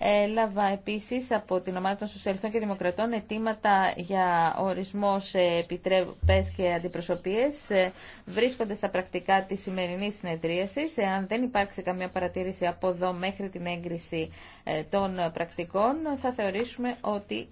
Έλαβα επίση από την ομάδα των Σοσιαλιστών και Δημοκρατών ετήματα για ορισμό σε επιτρέπες και αντιπροσωπείες. Ε, Βρίσκονται στα πρακτικά τη σημερινή συνεδρίασης. Εάν δεν υπάρξει καμία παρατήρηση από εδώ μέχρι την έγκριση ε, των πρακτικών, θα θεωρήσουμε ότι